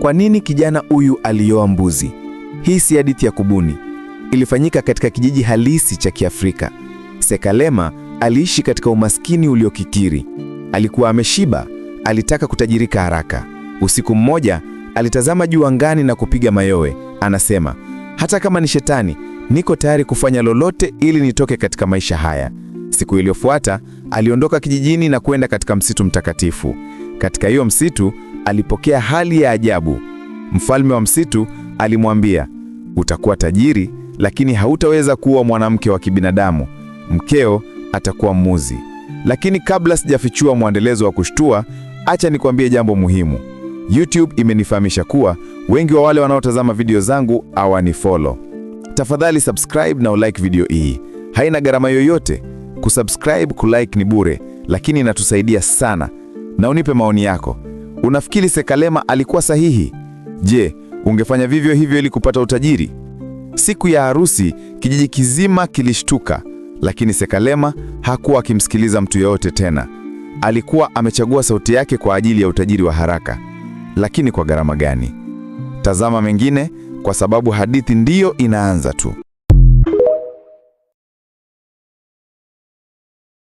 Kwa nini kijana huyu alioa mbuzi? Hii si hadithi ya kubuni, ilifanyika katika kijiji halisi cha Kiafrika. Sekalema aliishi katika umaskini uliokikiri Alikuwa ameshiba, alitaka kutajirika haraka. Usiku mmoja alitazama juu angani na kupiga mayowe. Anasema, hata kama ni shetani, niko tayari kufanya lolote ili nitoke katika maisha haya. Siku iliyofuata aliondoka kijijini na kwenda katika msitu mtakatifu. Katika hiyo msitu alipokea hali ya ajabu. Mfalme wa msitu alimwambia, utakuwa tajiri lakini hautaweza kuwa mwanamke wa kibinadamu, mkeo atakuwa mmuzi. Lakini kabla sijafichua mwendelezo wa kushtua, acha nikwambie jambo muhimu. YouTube imenifahamisha kuwa wengi wa wale wanaotazama video zangu hawanifollow. Tafadhali subscribe na ulike video hii, haina gharama yoyote. Kusubscribe, kulike ni bure, lakini inatusaidia sana, na unipe maoni yako. Unafikiri Sekalema alikuwa sahihi? Je, ungefanya vivyo hivyo ili kupata utajiri? Siku ya harusi kijiji kizima kilishtuka, lakini Sekalema hakuwa akimsikiliza mtu yeyote tena. Alikuwa amechagua sauti yake kwa ajili ya utajiri wa haraka, lakini kwa gharama gani? Tazama mengine, kwa sababu hadithi ndiyo inaanza tu.